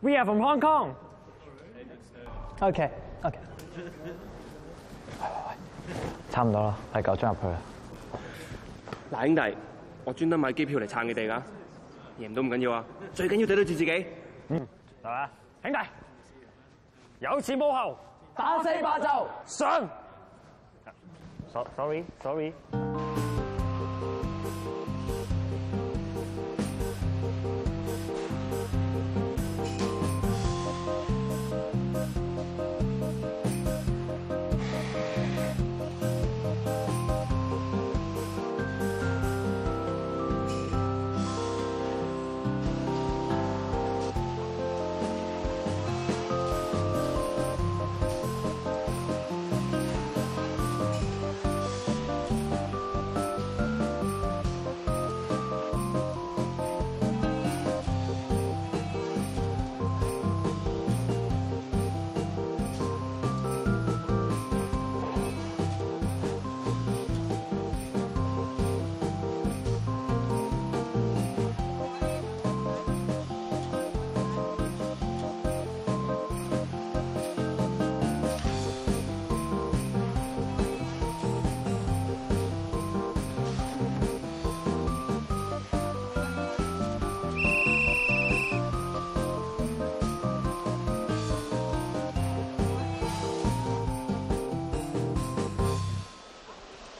We are from Hong Kong. Okay. Okay. 喂喂喂，差唔多啦，第九張入去啦。嗱，兄弟，我專登買機票嚟撐你哋噶，贏唔到唔緊要啊，最緊要對得住自己，嗯，係嘛，兄弟，有錢冇後，打死霸就上。Sorry, sorry.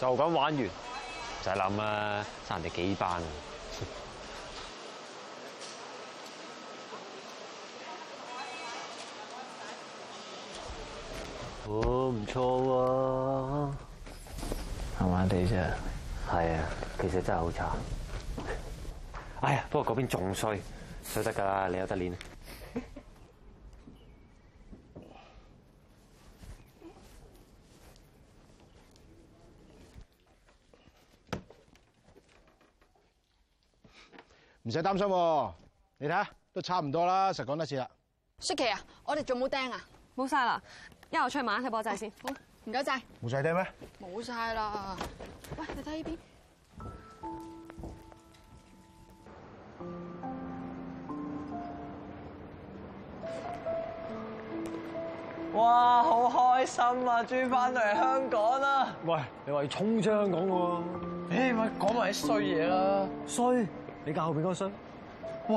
就咁玩完，就係諗啦，差人哋幾班啊！哦，唔錯喎，啱啱哋啫，係啊，其實真係好差。哎呀，不過嗰邊仲衰，衰得㗎啦，你有得練。唔使擔心，你睇下都差唔多啦，實講得次啦。雪琪啊，我哋仲冇釘啊，冇晒啦，一號出去買下啲玻璃先好，好唔該晒，冇晒釘咩？冇晒啦。喂，你睇呢邊？哇，好開心啊！轉翻嚟香港啦。喂、欸，你話要衝出香港喎？誒，咪講埋啲衰嘢啦。衰。你教後邊嗰個孫？喂，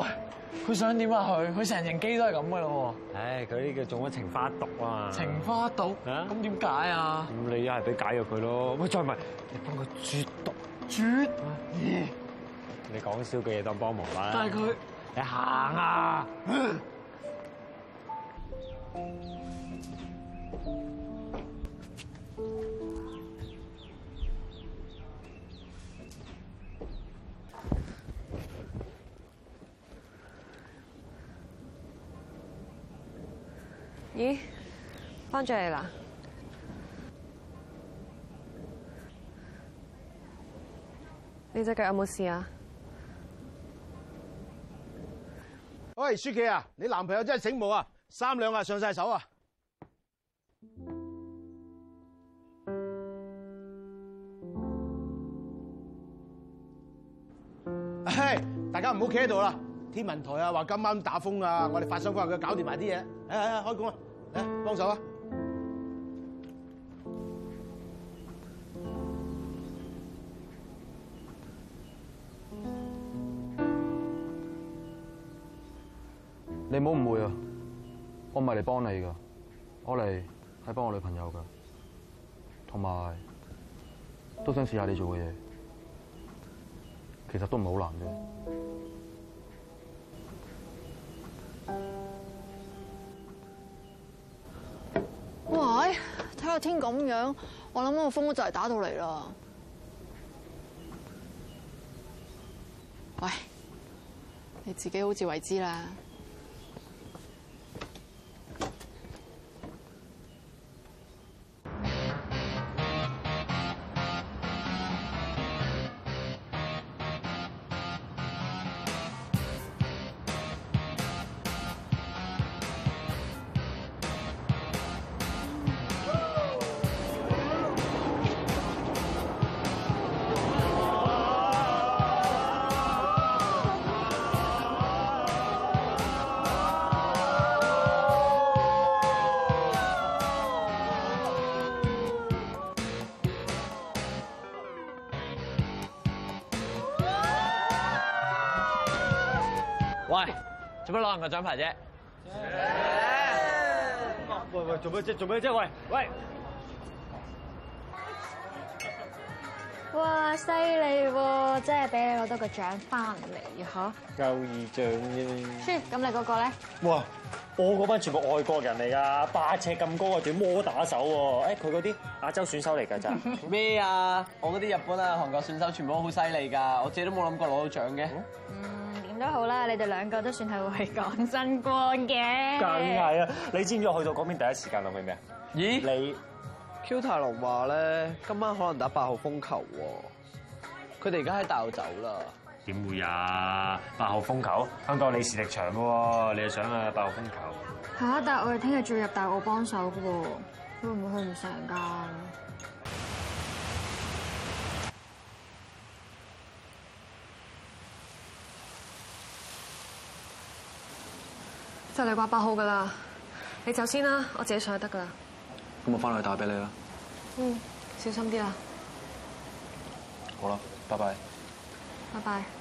佢想點啊？佢佢成成機都係咁噶咯。唉，佢呢個中咗情花毒啊！情花毒，咁點解啊？咁你一係俾解藥佢咯，喂，再唔係你幫佢絕毒絕嘢。主啊、你講笑嘅嘢當幫忙啦。但係佢，你行啊！啊咦，翻咗嚟啦！你隻腳有冇事啊？喂，雪琪啊，你男朋友真係醒目啊，三兩下上晒手啊！哎、hey，大家唔好企喺度啦！天文台啊，話今晚打風啊，我哋發生關佢搞掂埋啲嘢，哎哎，開工啊！嚟幫手啊！你唔好誤會啊，我唔係嚟幫你㗎，我嚟係幫我女朋友㗎，同埋都想試下你做嘅嘢，其實都唔係好難啫。喂，睇到天咁樣，我諗我個風都就嚟打到嚟啦。喂，你自己好自為之啦。幾多浪個獎牌啫耶？喂喂，做咩啫？做咩啫？喂喂！哇，犀利喎！真係俾你攞到個獎翻嚟，嗬了？夠意獎啫。咁、嗯、你嗰個咧？哇！我嗰班全部外國人嚟噶，八尺咁高嘅點摸打手喎、啊。誒，佢嗰啲亞洲選手嚟噶咋？咩啊？ 我嗰啲日本啊、韓國選手全部都好犀利噶，我自己都冇諗過攞到獎嘅。嗯嗯。都好啦，你哋兩個都算係為港爭光嘅。梗係啊！你知唔知我去到嗰邊第一時間諗起咩啊？咦？你 Q 太郎話咧，今晚可能打八號風球喎。佢哋而家喺大澳走啦。點會啊？八號風球，香港李氏力場喎，你又想啊八號風球嚇？但我哋聽日仲要入大澳幫手喎。喎，會唔會去唔成㗎？就嚟掛八號噶啦，你先走先啦，我自己上去得噶啦。咁我返嚟帶俾你啦。嗯，小心啲啦。好啦，拜拜。拜拜。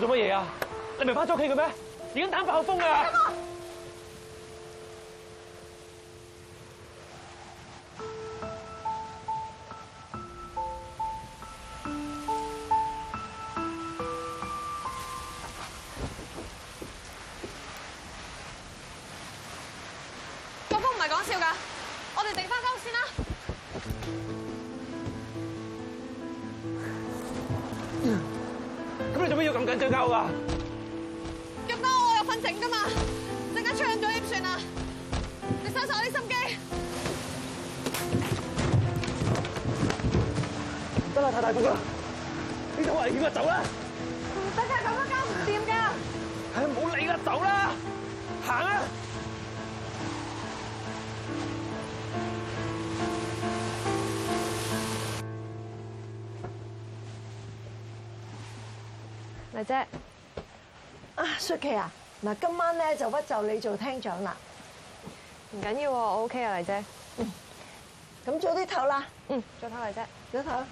做乜嘢啊？你唔翻咗屋企嘅咩？已經打暴風啊！咁緊追交啊？咁多我，我有份整㗎嘛。陣間出咗點算啊？你收收啲心機。得啦，太大風啦，呢度危險啊，走啦！唔得嘅，咁樣搞唔掂㗎，唉，冇理啦，走啦，行啦。麗姐，姐，啊，雪琪啊，嗱，今晚咧就屈就你做廳長啦，唔緊要，我 OK 啊，麗姐、嗯嗯、姐，姐，嗯，咁早啲唞啦，嗯，早唞，麗姐，早唞。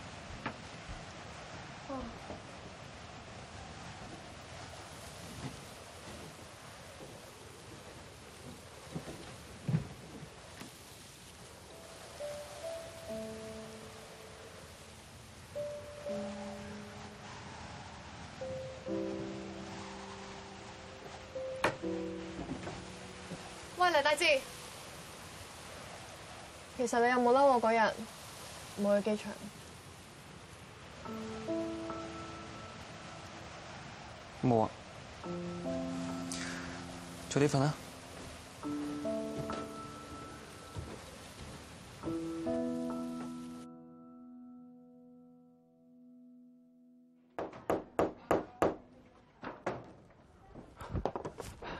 喂，黎大志，其實你有冇嬲我嗰日冇去機場？冇啊，早啲瞓啦，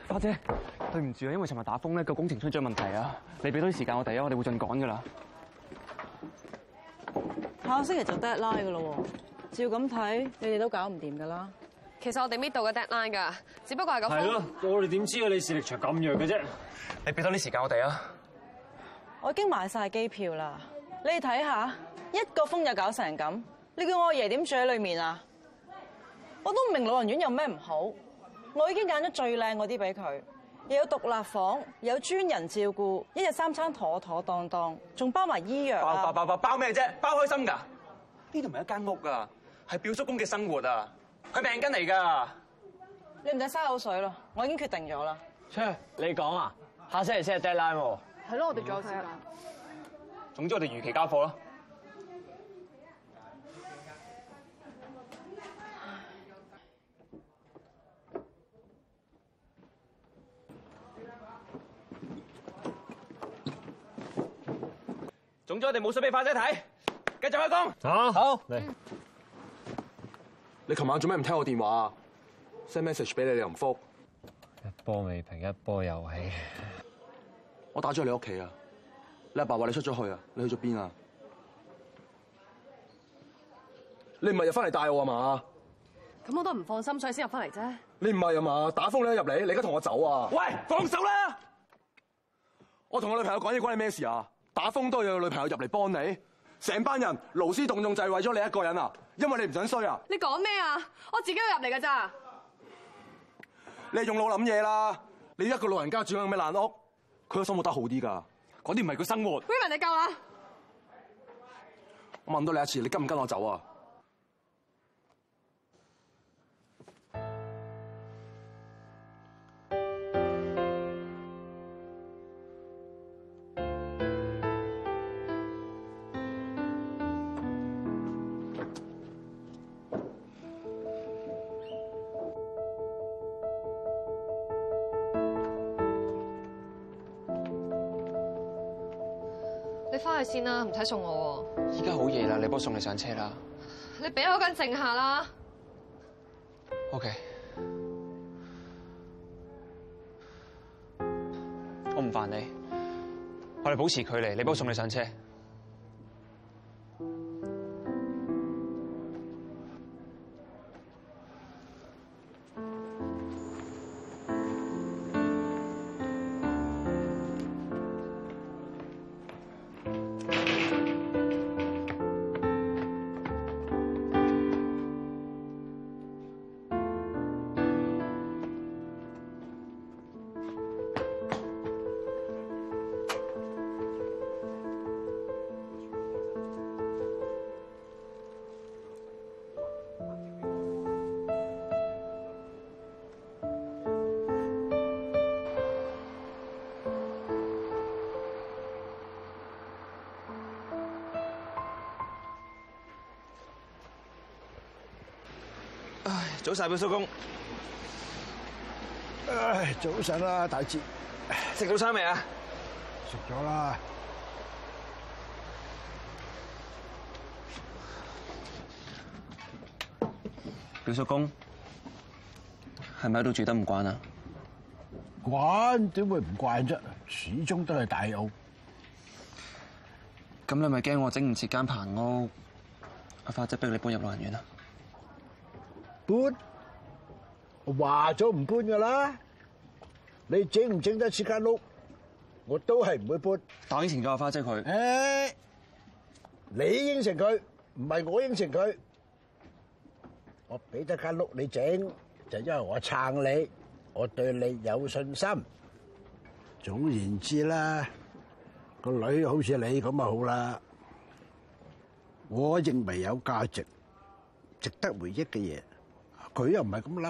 發姐。對唔住啊，因為尋日打風咧，個工程出咗問題啊！你俾多啲時間我哋啊，我哋會進趕噶啦。下個星期就 deadline 噶啦，照咁睇，你哋都搞唔掂噶啦。其實我哋 meet 到個 deadline 噶，只不過係咁了。係咯風，我哋點知啊？你視力長咁弱嘅啫！你俾多啲時間我哋啊！我已經買晒機票啦，你哋睇下，一個風就搞成咁，你叫我阿爺點住喺裏面啊？我都唔明老人院有咩唔好，我已經揀咗最靚嗰啲俾佢。又有獨立房，又有專人照顧，一日三餐妥妥當當，仲包埋醫藥、啊、包包包包包咩啫？包開心㗎？呢度唔係一間屋㗎，係表叔公嘅生活啊！佢病緊嚟㗎，你唔使嘥口水囉，我已經決定咗啦。切，你講啊？下星期先係 deadline 喎、啊。係咯，我哋再睇下。嗯、總之我哋如期交貨囉。咁我哋冇水俾快仔睇，繼續開工。好，嚟好。來你琴晚做咩唔聽我電話啊？send message 俾你，你又唔覆。一波未平一波又起。我打咗去你屋企啊！你阿爸話你出咗去啊？你去咗邊啊？你唔係入翻嚟帶我啊嘛？咁我都唔放心，所以先入翻嚟啫。你唔係啊嘛？打風你都入嚟，你而家同我走啊？喂，放手啦！ 我同我女朋友講嘢關你咩事啊？打風都有女朋友入嚟幫你，成班人勞師動眾就係為咗你一個人啊！因為你唔想衰啊！你講咩啊？我自己去入嚟㗎咋？你用腦諗嘢啦！你一個老人家住緊咁嘅爛屋，佢嘅生活得好啲㗎！嗰啲唔係佢生活。William 你夠啦！我問多你一次，你跟唔跟我走啊？先啦，唔使送我。依家好夜啦，你幫我送你上車啦。你俾我間靜下啦。OK，我唔煩你，我哋保持距離。你幫我送你上車。早晒，表叔公。唉、哎，早上啦，大志，食早餐未啊？食咗啦。表叔公，係咪喺度住得唔慣啊？慣？點會唔慣啫？始終都係大屋。咁你咪驚我整唔切間棚屋？阿花即係逼你搬入老人院搬？話咗唔搬噶啦，你整唔整得起間屋，我都係唔會搬。當應承咗阿花姐佢。誒，你應承佢，唔係我應承佢。我俾得間屋你整，就因為我撐你，我對你有信心。總言之啦，個女好似你咁啊好啦，我認為有價值、值得回憶嘅嘢。佢又唔係咁笠，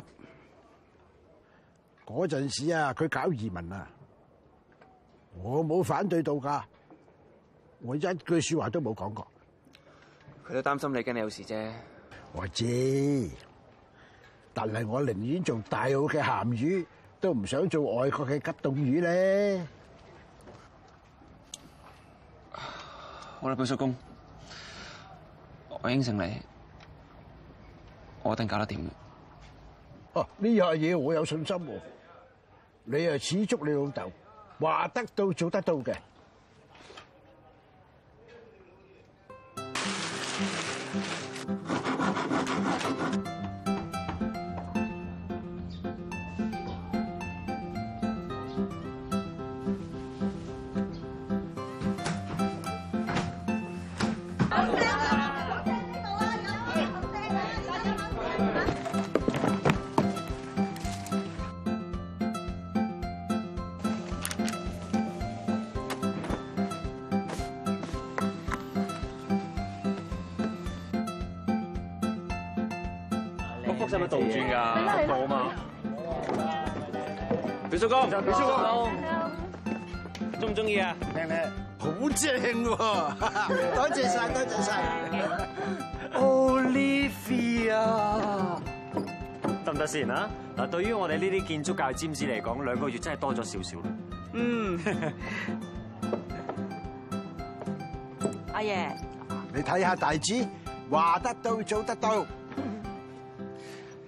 嗰陣時啊，佢搞移民啊，我冇反對到噶，我一句說話都冇講過。佢都擔心你跟有事啫。我知，但係我寧願做大澳嘅鹹魚，都唔想做外國嘅急凍魚咧。好啦，表叔公，我應承你，我一定搞得掂嘅。哦，呢樣嘢我有信心喎，啊，你啊似足你老豆，話得到做得到嘅。表叔公，表叔公，中唔中意啊？靚靚，好正喎！多謝晒，多謝晒。Olivia，得唔得先啊？嗱，對於我哋呢啲建築教育尖子嚟講，兩個月真係多咗少少啦。嗯。阿爺，你睇下大志，話得到，做得到。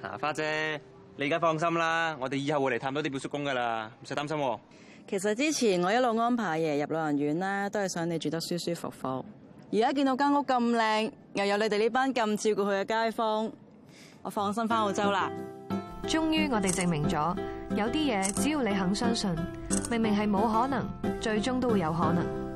嗱，花姐。你而家放心啦，我哋以後會嚟探多啲表叔公噶啦，唔使擔心，哦。其實之前我一路安排爺入老人院啦，都係想你住得舒舒服服。而家見到間屋咁靚，又有你哋呢班咁照顧佢嘅街坊，我放心翻澳洲啦。終於我哋證明咗，有啲嘢只要你肯相信，明明係冇可能，最終都會有可能。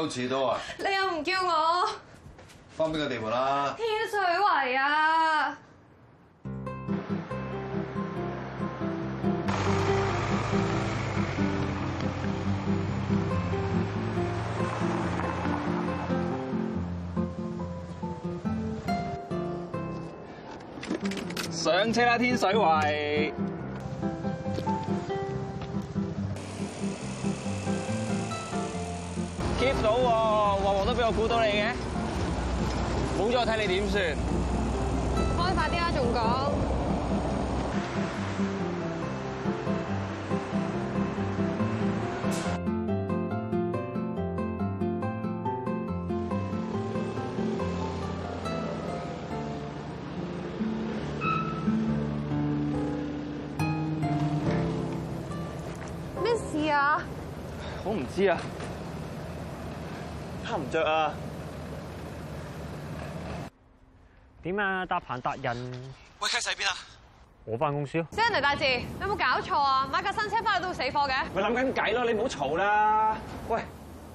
都遲到啊！你又唔叫我，返邊個地盤啦，啊？天水圍啊！上車啦，天水圍。接到喎，旺旺都俾我估到你嘅，好咗我睇你點算？開快啲啦，仲講咩事啊？我唔知啊。差唔着啊？點啊？搭棚達人？喂，喺晒邊啊？我翻公司咯。新嚟大志，有冇搞錯啊？買架新車翻嚟都會死火嘅？咪諗緊計咯，你唔好嘈啦。喂，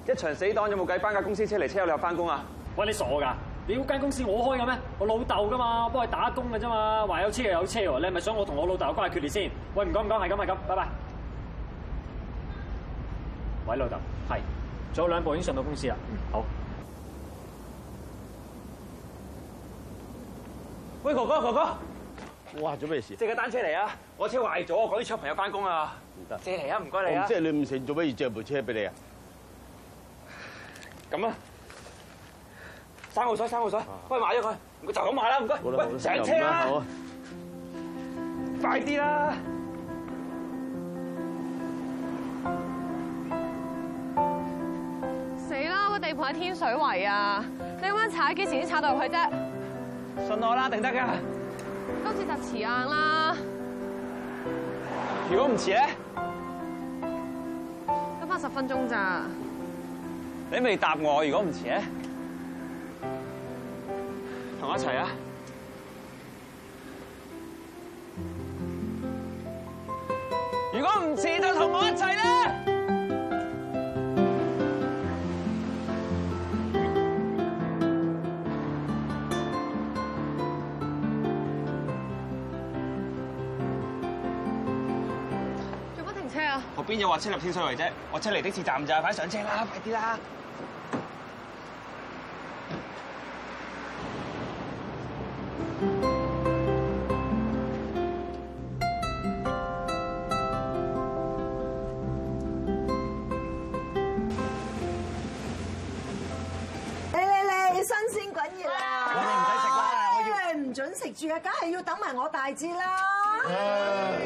一場死黨有冇計？翻架公司車嚟，車有你又翻工啊？喂，你傻噶？你估間公司我開嘅咩？我老豆噶嘛，幫佢打工嘅啫嘛。話有車又有,有車，你係咪想我同我老豆關係決裂先？喂，唔講唔講，係咁係咁，拜拜。喂，老豆，係。仲有兩部已經上到公司啊！嗯，好。喂，哥哥，哥哥，哇，做咩事？借架單車嚟啊！我車壞咗，趕啲出朋友翻工啊！唔得，借嚟啊！唔該你啊！唔知你唔成做咩要借部車俾你啊？咁啊，三號水，三號水，快買咗佢！就咁買啦，唔該。喂的，上車啦！快啲啦！喺天水圍啊，你啱踩幾時先踩到入去啫？信我啦，定得噶。今次就遲硬啦。如果唔遲呢？得翻十分鐘咋？你未答我，如果唔遲呢？同我一齊啊！如果唔遲就同我一齊啦！邊有話車入天水圍啫？我車嚟的士站，就快上車啦！快啲啦！嚟嚟嚟！新鮮滾熱啦！你唔準食住啊，梗係要等埋我大志啦！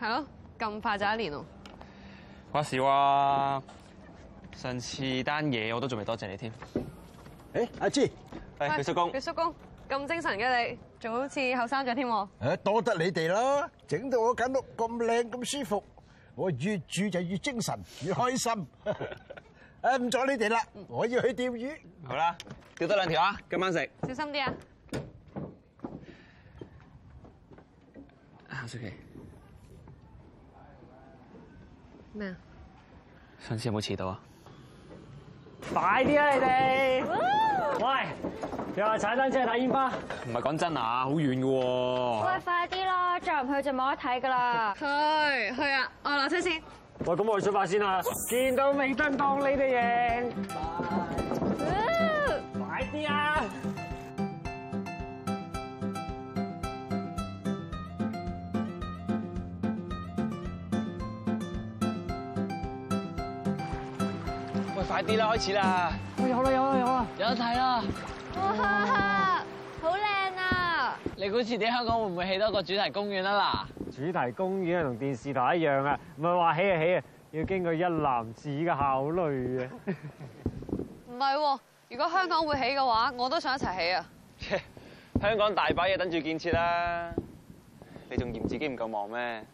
係咯，咁快就一年咯。話時話，上次單嘢我都仲未多謝你添。誒，阿志，阿表叔公，表叔公咁精神嘅你，仲好似後生咗添。誒，多得你哋啦，整到我間屋咁靚咁舒服，我越住就越精神越開心。誒，唔阻你哋啦，我要去釣魚。好啦，釣多兩條啊，今晚食。小心啲啊！啊，sorry。咩？什麼上次有冇遲到啊？快啲啊！你哋哇，喂，又話踩單車去睇煙花？唔係講真的很的啊，好遠嘅喎。喂，快啲啦，再唔去就冇得睇噶啦。去，去啊！我落車先。喂，咁我去出發先啦。哇見到尾燈，當你哋贏。拜拜。快啲啦，開始啦！有啦有啦有啦，有得睇啦！哇，哈哈，好靚啊！你估遲啲香港會唔會起多個主題公園啊？嗱，主題公園同電視台一樣啊，唔係話起就起啊，要經過一男子嘅考慮嘅。唔係，如果香港會起嘅話，我都想一齊起啊！香港大把嘢等住建設啦，你仲嫌自己唔夠忙咩？